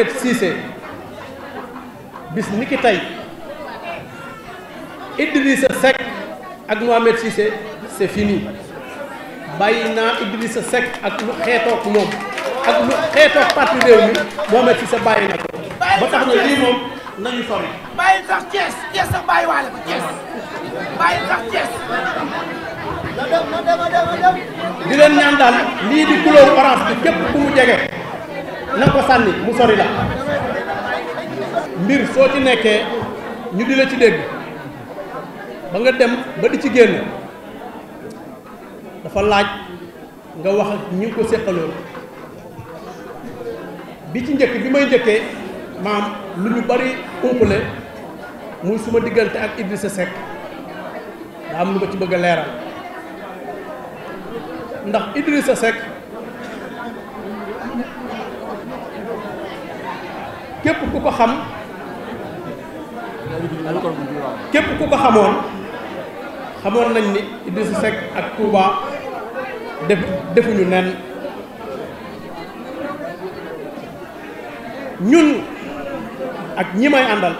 Ahmed Cissé bis ni ki na ko ba tax na lii moom nañu sori bàyyi sax Thiès Thiès sax bàyyi waale ko Thiès bàyyi sax Thiès di leen ñaan daal lii di couleur orange bi képp ku mu jege na ko sànni mu sori la mbir soo ci nekkee ñu di la ci dégg ba nga dem ba di ci génn dafa laaj nga wax ak ñi ko séqaloon bi ci njëkk bi may njëkkee maam lu ñu bari umpale muy suma diggante ak Idrissa Seck daa am lu ko ci bëgg leeral ndax Idrissa Seck képp ku ko xam képp ku ko xamoon xamoon nañ ni Idrissa Seck ak Touba def defuñu nen ñun ak ñi may àndal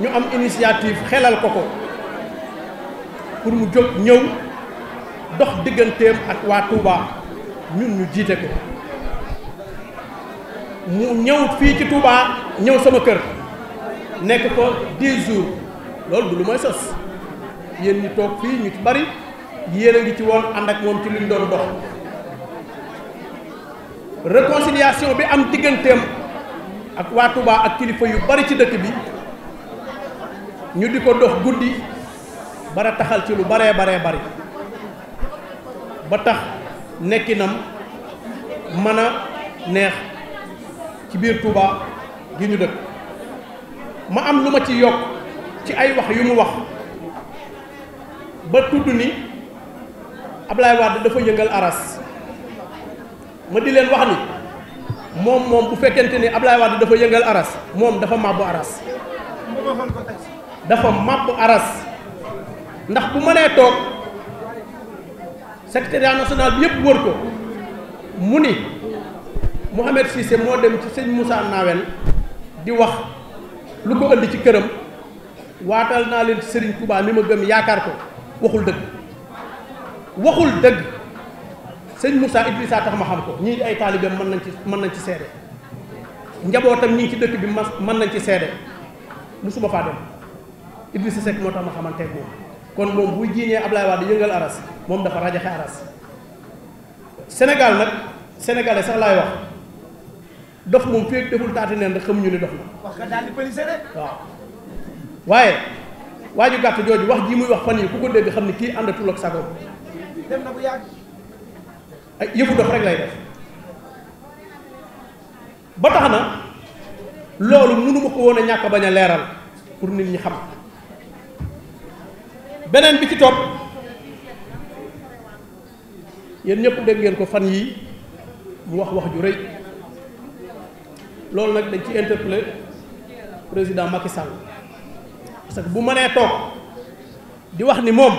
ñu am initiative xelal ko ko pour mu jóg ñëw dox digganteem ak waa Touba ñun ñu jiite ko mu ñëw fii ci Touba ñëw sama kër nekk ko 10 jours loolu du lu may sos yéen ñi toog fii ñu bari yéen a ngi ci woon ànd ak moom ci luñ doon dox réconciliation bi am digganteem ak waa Touba ak kilifa yu bari ci dëkk bi ñu di ko dox guddi bara taxal ci lu baree baree bari ba tax nekkinam mën a neex ci biir Touba gi ñu dëkk ma am lu ma ci yokk ci ay wax yu mu wax ba tudd ni Ablaye Wade dafa yëngal aras ma di leen wax ni moom moom bu fekkente ni Ablaye Wade dafa yëngal aras moom dafa màbbu aras dafa màbbu aras ndax bu mënee toog secrétariat national bi yëpp wër ko mu ni Mouhamed Cissé moo dem ci sëñ Moussa Nawel di wax lu ko ënd ci këram waatal naa leen Serigne Touba mi ma gëm yaakaar ko waxul dëgg waxul dëgg sëñ Moussa Idrissa tax ma xam ko ñii ay taalibeem mën nañ ci mën nañ ci seede njabootam ñi ci dëkk bi ma mën nañ ci seede musuma faa dem Idrissa Seck moo tax ma xamanteeg moom kon moom buy jiiñee Ablaye Wade yëngal aras moom dafa rajaxe aras senegal nag sénégalais sax laay wax dox moom fii ak deful taati neen rek ñu ne dox na. wax nga daal di waaye waa ju gàtt jooju wax ji muy wax fan yi ku ko dégg xam ne kii àndatul ak sago. na bu yàgg. ay yëfu dox rek lay def ba tax na loolu mënu ko woon a ñàkk bañ a leeral pour nit ñi xam beneen bi ci topp yéen ñëpp dégg ngeen ko fan yii mu wax wax ju rëy. loolu nag dañ ci interpellé président Macky Sall parce que bu mënee toog di wax ni moom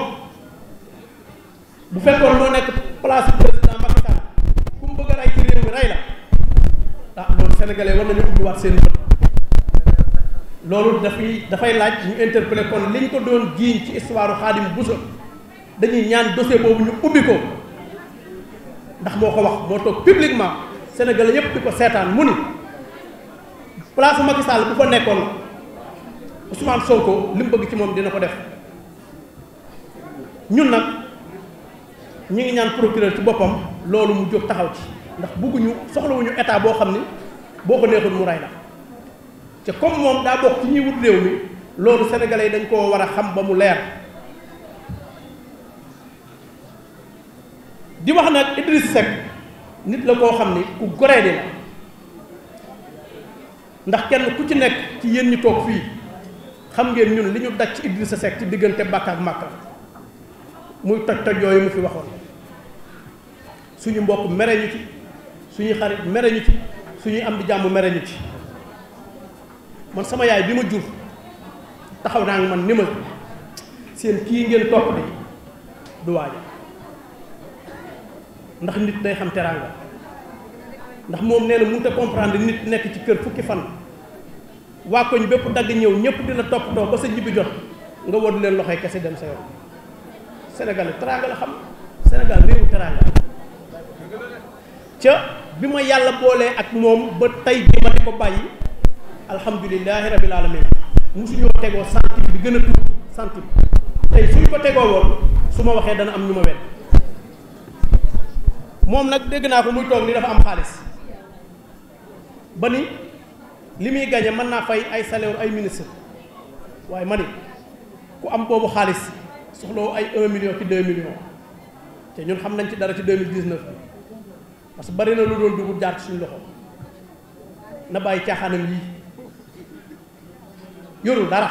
bu fekkoon moo nekk place président Macky Sall ku mu bëgg a rey ci réew mi rey la ah loolu sénégalais war nañu ubbiwaat seen bët loolu dafay dafay laaj ñu interpellé kon liñ ko doon jiiñ ci histoire Khadim buso dañuy ñaan dossier boobu ñu ubbi ko ndax moo ko wax moo toog publiquement sénégalais yépp di ko seetaan mu ni place Macky Sall bu fa nekkoon Ousmane Sonko li mu bëgg ci moom dina ko def ñun nag ñu ngi ñaan procureur ci boppam loolu mu jóg taxaw ci ndax bëgguñu soxlawuñu état boo xam ni boo ko neexul mu rey la te comme moom daa bokk ci ñuy wut réew mi loolu sénégalais yi dañ koo war a xam ba mu leer di wax nag Idriss Seck nit la koo xam ni ku goree de ndax kenn ku ci nekk ci yéen ñi toog fii xam ngeen ñun li ñu daj ci Idrissa Seck ci diggante Bakka ak Makka muy toj toj yooyu mu fi waxoon suñu mbokk mere ñu ci suñuy xarit mere ñu ci suñuy am di jàmm mere ñu ci man sama yaay bi ma jur taxaw naa man ni ma seen kii ngeen topp de du waaja ndax nit day xam teraanga ndax moom nee na mënut a comprendre nit nekk ci kër fukki fan waa koñ bépp dagg ñëw ñëpp di la toppatoo ba sa jibi jox nga wod leen loxoy kese dem sa yoon Sénégal teraanga la xam Sénégal réewu teraanga ca bi ma yàlla boolee ak moom ba tey bi ma di ko bàyyi alhamdulilahi rabil alamin musuñoo tegoo centime bi gën a tuuti centime tey suñ ko tegoo woon su ma waxee dana am ñu ma wet moom nag dégg naa ko muy toog ni dafa am xaalis ba ni li muy gañe mën naa fay ay salaire ay ministre waaye ma ni ku am boobu xaalis soxlawu ay 1 million ci 2 million te ñun xam nañ ci dara ci 2019 bi parce que bari na lu doon dugub jaar ci suñu loxo na bàyyi caaxaanam yii yorul dara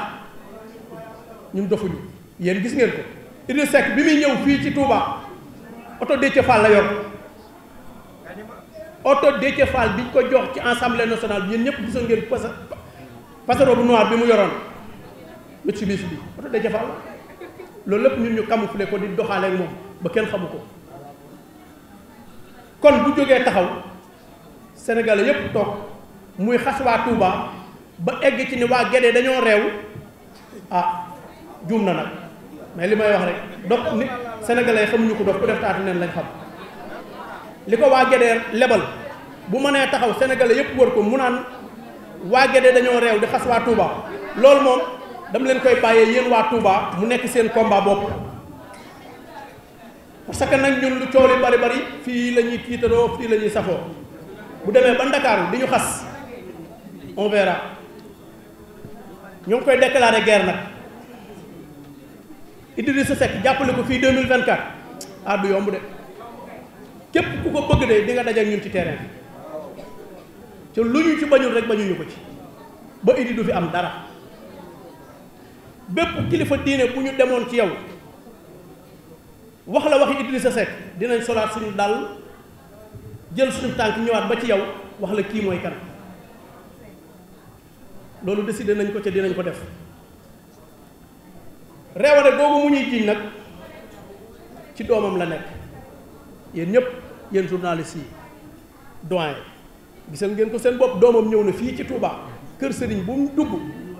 ñun dofuñu yéen gis ngeen ko Idrissa Seck bi muy ñëw fii ci Touba oto Déthié Fall la yor oto Déthié Fall biñ ko jox ci assemblée nationale bi yéen ñëpp gisoon ngeen pasa pasero bu noir bi mu yoroon Mitsubishi bi oto Déthié Fall loolu lépp ñun ñu camouflé ko di doxaale moom ba kenn xamu ko kon bu jógee taxaw sénégalais yépp toog muy xas waa Touba ba egg ci ni waa Guédé dañoo réew ah juum na nag mais li may wax rek dox nit sénégalais xamuñu ko dox ku def taatu neen lañ xam li ko waa Guédé lebal bu mënee taxaw sénégalais yëpp wër ko mu naan waa Guédé dañoo réew di xas waa Touba loolu moom dama leen koy bàyyee yéen waa Touba mu nekk seen combat bopp. parce que nag ñun lu coow li bari bari fii lañuy ñuy fii lañuy ñuy safoo bu demee ba Ndakaaru di ñu xas on verra ñoo ngi koy déclarer guerre nag Idrissa jàpp jàppale ko fii 2024 ah du yomb de. képp ku ko bëgg de di nga daje ñun ci terrain bi te lu ñu ci bañul rek bañuñu ko ci ba idi du fi am dara bépp kilifa diine bu ñu demoon ci yow wax la waxi Idrissa Seck dinañ solaat suñu dal jël suñu tànk ñëwaat ba ci yow wax la kii mooy kan loolu décidé nañ ko ca dinañ ko def reewale googu mu ñuy jiñ nag ci doomam la nekk yéen ñëpp yéen journaliste yi doyen gisal ngeen ko seen bopp doomam ñëw na fii ci Touba kër sëriñ bu mu dugg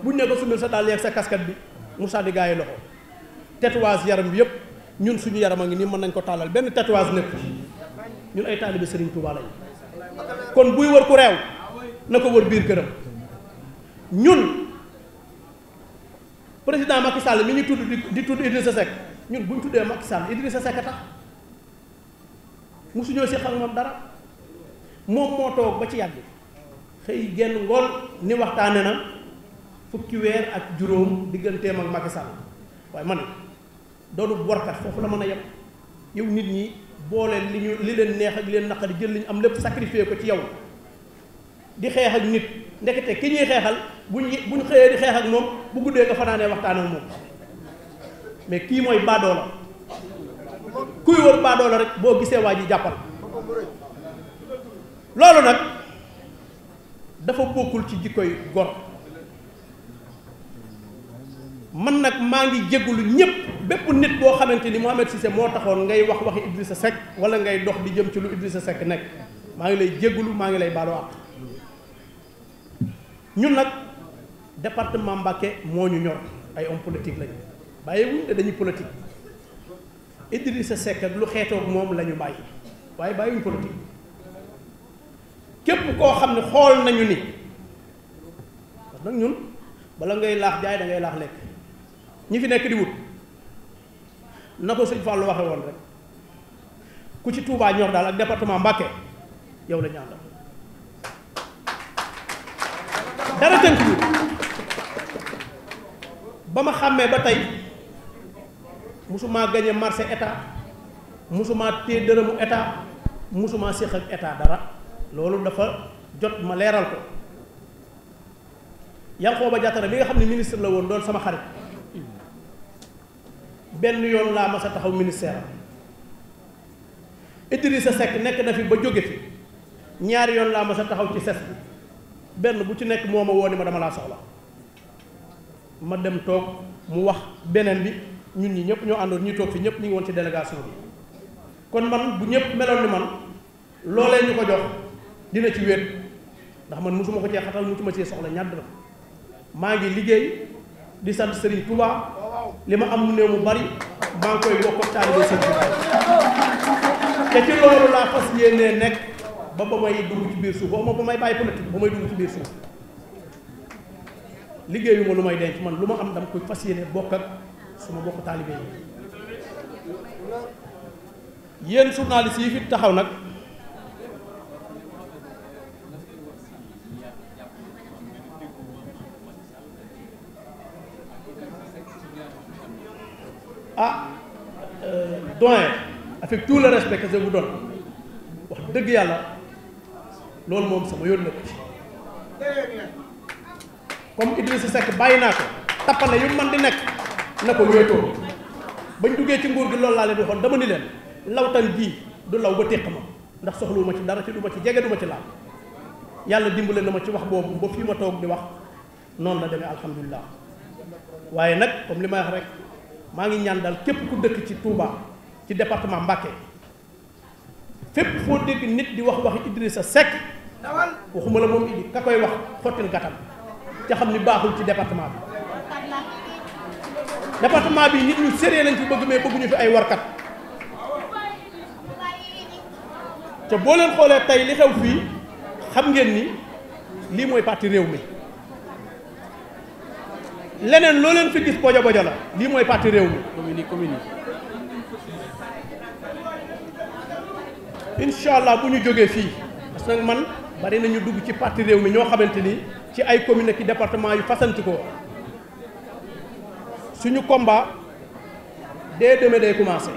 buñ ne ko sumil sa dàll yeeg sa casquette bi mu sànni gaa yi loxo tatouage yaram bi yëpp ñun suñu yaram a ngi nii mën nañ ko tàllal benn tatouage nekk ñun ay taalibe sëriñ Touba lañu kon buy wër ku réew na ko wër biir këram ñun président Macky Sall mi ñu tudd di tudd sa Seck ñun bu ñu tuddee Macky Sall sa Seck musuñoo seqal moom dara moom moo toog ba ci yàgg xëy genn ngoon ni waxtaane na fukki weer ak juróom digganteem ak Macky Sall waaye man doonu borkat foofu la mën a yem yow nit ñi boole li ñu li leen neex ak li leen naqari jël li ñu am lépp sacrifié ko ci yow di xeex ak nit ndekete ki ñuy xeexal bu ñu bu ñu xëyee di xeex ak moom bu guddee nga fanaanee waxtaan ak moom mais kii mooy baadoo la kuy wër baadoola rek boo gisee waa ji jàppal loolu nag dafa bokkul ci jikkoy gor man nag maa ngi jégalu ñëpp bépp nit boo xamante ni Mouhamed se moo taxoon ngay wax waxi sa Seck wala ngay dox di jëm ci lu sa sekk nekk maa ngi lay jégalu maa ngi lay baalu àq ñun nag département Mbacké moo ñu ñor ay hommes politiques lañu bàyyiwuñ te dañuy politique. Idrissa sa ak lu xeetoog moom lañu ñu bàyyi waaye bàyyiwuñ politique képp koo xam ne xool nañu ni parce que nag ñun bala ngay laax jaay da ngay laax lekk ñi fi nekk di wut na ko sëñ Fallou waxe woon rek ku ci tuubaa ñor daal ak département Mbacké yow la ñu dara tënk ba ma xàmmee ba tey musuma gañe marché état musuma téye dërëmu état musuma séq ak état dara loolu dafa jot ma leeral ko Yankhoba Diattara bi nga xam ne ministre la woon doon sama xarit benn yoon laa mas a taxaw ministère sa Seck nekk na fi ba jóge fi ñaari yoon laa mas a taxaw ci ses bi benn bu ci nekk moo ma woo ni ma dama laa soxla ma dem toog mu wax beneen bi ñun ñi ñëpp ñoo àndoon ñu toog fi ñëpp ñu ngi woon ci délégation bi kon man bu ñëpp meloon ni man loolee ñu ko jox dina ci wéet ndax man mosuma ko cee xatal mosuma cee soxla ñàdd la maa ngi liggéey di sant Serigne Touba li ma am mu néew mu bari maa ngi koy bokk taalibe Serigne Touba te ci loolu laa fas yéenee nekk ba ba may dugg ci biir suuf ma ba may bàyyi politique ba may dugg ci biir suuf liggéeyu ma lu may denc man lu ma am dama koy fas yéene bokk sama bokk taalibe yi yéen journaliste yi fi taxaw nag ah euh, doyen avec tout respect que je vous donne wax dëgg yàlla loolu moom sama yoon ko ci comme Idrissa Seck bàyyi naa ko tappale yu man di nekk na ko wéetoo bañ duggee ci nguur gi loolu laa leen waxoon dama ni leen lawtan jii du law ba téq ma ndax soxluwuma ci dara ci du ma ci jege du ci laal yàlla dimbale na ma ci wax boobu ba fii ma toog di wax noonu la demee alhamdulilah waaye nag comme li may wax rek maa ngi ñaan daal képp ku dëkk ci Touba ci département Mbacké fépp foo dégg nit di wax waxi Idrissa Seck waxuma la moom idi ka koy wax xottil gàttam ca xam ni baaxul ci département bi département bi nit ñu sérieux lañ fi bëgg mais bëgguñu fi ay warkat te booleen leen xoolee tey li xew fii xam ngeen ni lii mooy parti réew mi leneen loo leen fi gis bojo bojo la mooy parti réew mi commune yi commune yi incha bu ñu jógee fii parce man bari nañu dugg ci parti réew mi ñoo xamante ni ci ay commune ak département yu fasanti ko suñu combat dès demain day commencé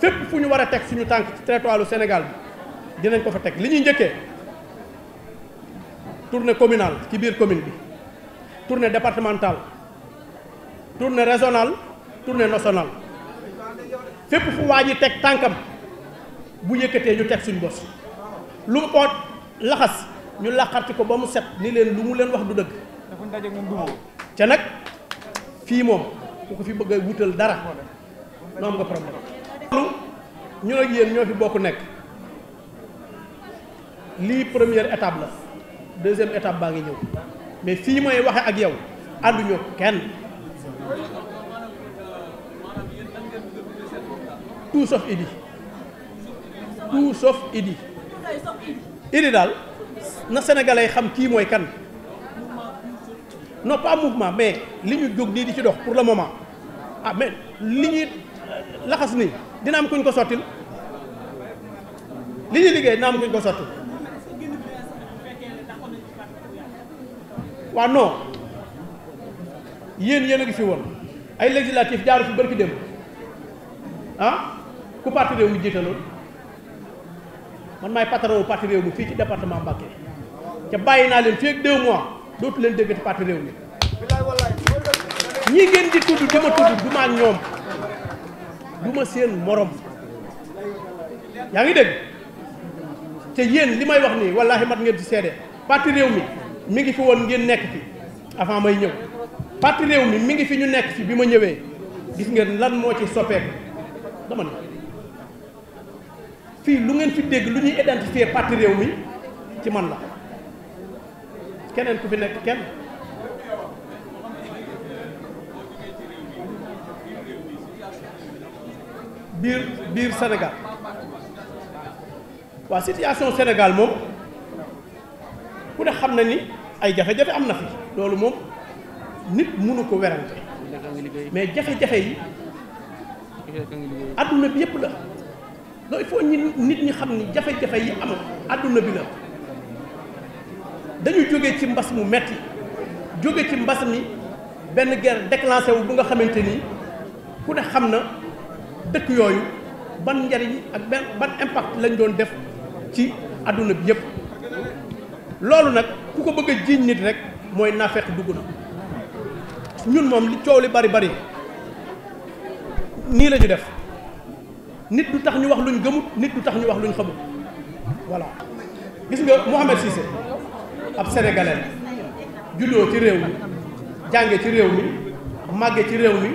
fépp fu ñu war a teg suñu tànk ci territoire lu Sénégal bi dinañ ko fa teg li ñuy njëkkee tournée communale ci biir commune bi tournée départementale tournée régionale tournée nationale fépp fu waa ji teg tànkam bu yëkkatee ñu teg suñu bos lu mu ko laxas ñu laqarti ko ba mu set ni leen lu mu leen wax du dëgg. dafa ndaje fii moom ku ko fi bëgg a wutal dara noo am nga problème loolu ñun ak yéen ñoo fi bokk nekk lii première étape la deuxième étape baa ngi ñëw mais fii mooy waxe ak yow ànduñu kenn tout sauf Idy tout sauf Idy Idy daal na sénégalais xam kii mooy kan non pas mouvement mais li ñu jóg nii di ci dox pour le moment ah mais li ñuy euh, laxas nii dina am kuñ ko sottil li ñuy liggéey dina am kuñ ko sottil waaw non yéen yéen ngi fi woon ay législatif jaaru fi bërki dem ah ku parti réew man maay patron parti fii ci département Mbacké ca bàyyi naa leen fii ak deux dootu leen déggati parti réew mi ñi ngeen di tudd dama tudd du ma ñoom du ma seen morom yaa ngi dégg te yéen li may wax nii wallaahi mat ngeen ci seede parti mi mi ngi fi woon ngeen nekk fi avant may ñëw parti mi mi ngi fi ñu nekk fi bi ma ñëwee gis ngeen lan moo ci soppeeku dama ne fii lu ngeen fi dégg lu ñuy identifier parti mi ci man la keneen ku fi nekk kenn biir biir Sénégal waa situation Sénégal moom ku ne xam na ni ay jafe-jafe am na fi loolu moom nit mënu ko werante mais jafe-jafe yi adduna bi yépp la loolu il ñi nit ñi xam ni jafe-jafe yi am adduna bi la dañu jóge ci mbas mu metti jóge ci mbas mi benn guerre déclenché wu bu nga xamante ni ku ne xam na dëkk yooyu ban njariñ ak benn ban impact lañ doon def ci àdduna bi yëpp loolu nag ku ko bëgg a jiiñ nit rek mooy naafeq dugg na ñun moom li coow li bari bari nii la ñu def nit du tax ñu wax luñ gëmut nit du tax ñu wax luñ xamut voilà gis nga Mouhamed Cissé ab sénégalais juddoo ci réew mi jànge ci réew mi màgge ci réew mi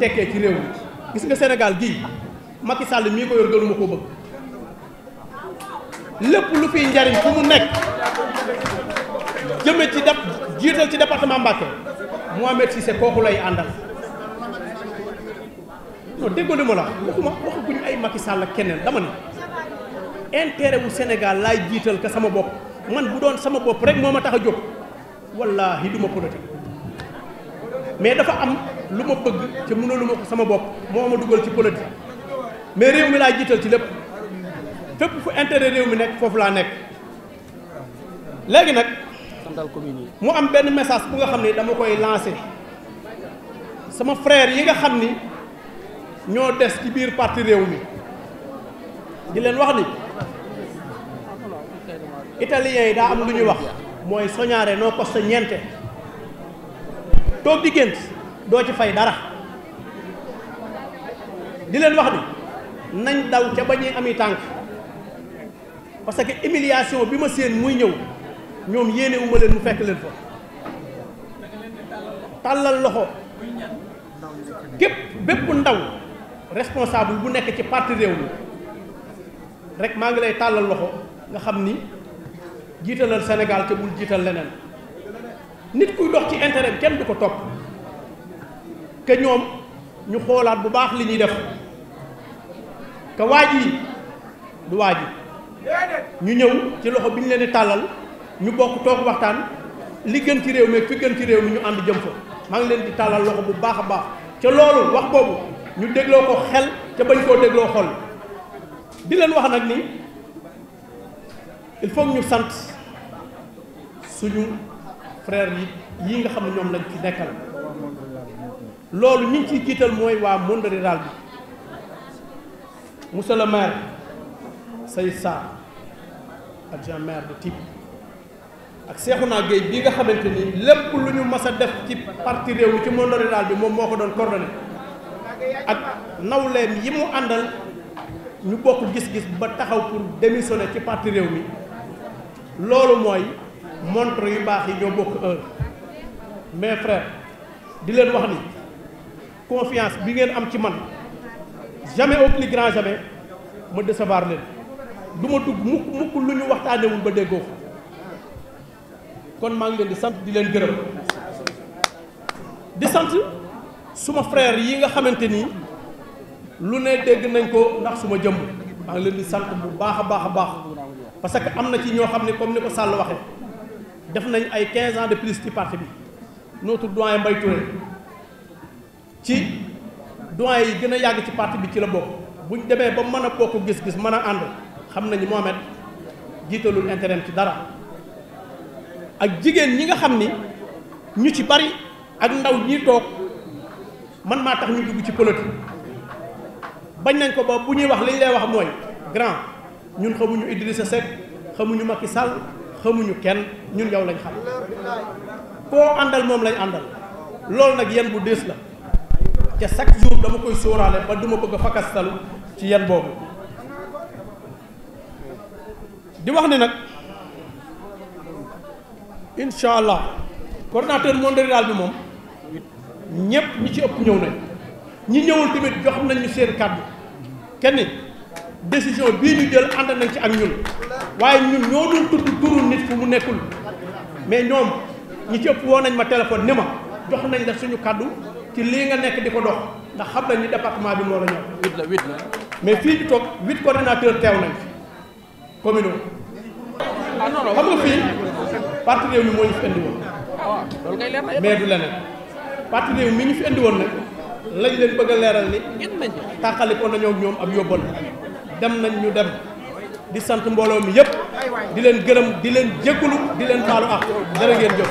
tekkee ci réew mi gis nga senegal gii Macky Sall mii ko yor gënuma ko bëgg lépp lu fiy njariñ fu mu nekk jëme ci dap jiital ci département Mbacké Mohamed Cissé kooku lay àndal non déggoo li ma la waxuma waxaguñ ay Macky Sall keneen dama ni intérêt wu Sénégal jiital ka sama bopp man bu doon sama bopp rek moo ma tax a jóg wallaahi du ma politique mais dafa am lu ma bëgg te mënalu ma ko sama bopp moo ma dugal ci politique mais réew mi laa jiital ci lépp fépp fu intérêt réew mi nekk foofu laa nekk léegi nag mu am benn message bu nga xam ne dama koy lancé sama frère yi nga xam ni ñoo des ci biir parti réew mi di leen wax ni italiens yi daa am lu ñuy wax mooy soñaare noo kosta ñeente toog di gént doo ci fay dara di leen wax ni nañ daw ca ba ñuy ami tànk parce que humiliation bi ma seen muy ñëw ñoom yéene wu leen mu fekk leen fa tàllal loxo képp bépp ndaw responsable bu nekk ci parti réew mi rek maa ngi lay tàllal loxo nga xam ni jiitalal Sénégal te bul jiital leneen nit kuy dox ci intérêt kenn du ko topp que ñoom ñu xoolaat bu baax li ñuy def que waa ji du waa ji ñu ñëw ci loxo bi ñu leen di tàllal ñu bokk toog waxtaan li gën réew mi fi gën réew mi ñu ànd jëm fa maa ngi leen di tàllal loxo bu baax a baax ca loolu wax boobu ñu dégloo ko xel ca bañ koo dégloo xol di leen wax nag ni il faut ñu sant suñu frère yi yi nga xam ne ñoom lañ ci nekkal loolu ñi ciy jiital mooy waa monde rural bi monsieur le maire Seydou Sarr adjoint maire de Tipe ak Cheikhouna bi nga xamante ni lépp lu ñu ma a def ci parti réew mi ci monde rural bi moom moo ko doon coordonné ak nawleem yi mu àndal ñu bokk gis-gis ba taxaw pour démissionner ci parti réew mi loolu mooy montre yu baax yi ñoo bokk heure mais frères di leen wax ni confiance bi ngeen am ci man jamais au grand jamais ma décevoir leen du ma dugg mukk mukk lu ñu waxtaanewul ba déggoo ko kon maa ngi leen di sant di leen gërëm di sant suma frère yi nga xamante nii lu ne dégg nañ ko ndax suma jëmm maa ngi leen di sant bu baax a baax a baax parce que am na ci ñoo xam ne comme ni ko Sall waxee def nañ ay 15 ans de plus ci parti bi nootu doyen Mbaye Touré ci doyen yi gën a yàgg ci parti bi ci la bokk bu ñu demee ba mën a bokk gis-gis mën a ànd xam nañu Mohamed jiitalul intérêt ci dara ak jigéen ñi nga xam ni ñu ci bari ak ndaw ñi toog man maa tax ñu dugg ci politique bañ nañ ko ba bu ñuy wax li ñu lay wax mooy grand ñun xamuñu Idrissa Seck xamuñu Macky Sall. xamuñu kenn ñun yow lañ xam koo àndal moom lañ àndal loolu nag yan bu dées la te chaque jour dama koy sóoraale ba duma bëgg a fakkastalu ci yan boobu di wax ne nag incha allah coordinateur monde rural bi moom ñëpp ñi ci ëpp ñëw nañ ñi ñëwul tamit jox nañ ñu seen kàddu kenn décision bii ñu jël ànd nañ ci ak ñun waaye ñun ñoo doon tudd turu nit fu mu nekkul mais ñoom ñi ci ëpp woo nañ ma téléphone ni ma jox nañ la suñu kàddu ci lii nga nekk di ko dox ndax xam nañ ni département bi moo la ñor. huit la huit mais fii ñu toog huit coordinateurs teew nañ fi commune am. Ah, fii parti réew mi moo ñu fi indi woon. Ah, loolu kay leer na mais du leneen parti réew mi ñu fi indi woon nag lañ leen bëgg a leeral ni. tàqali na nañoo ñoom ab yóbbal dem nañ ñu dem. di sant mbooloo mi yëpp di leen gërëm di leen jégalu di leen baalu a dara ngeen jëf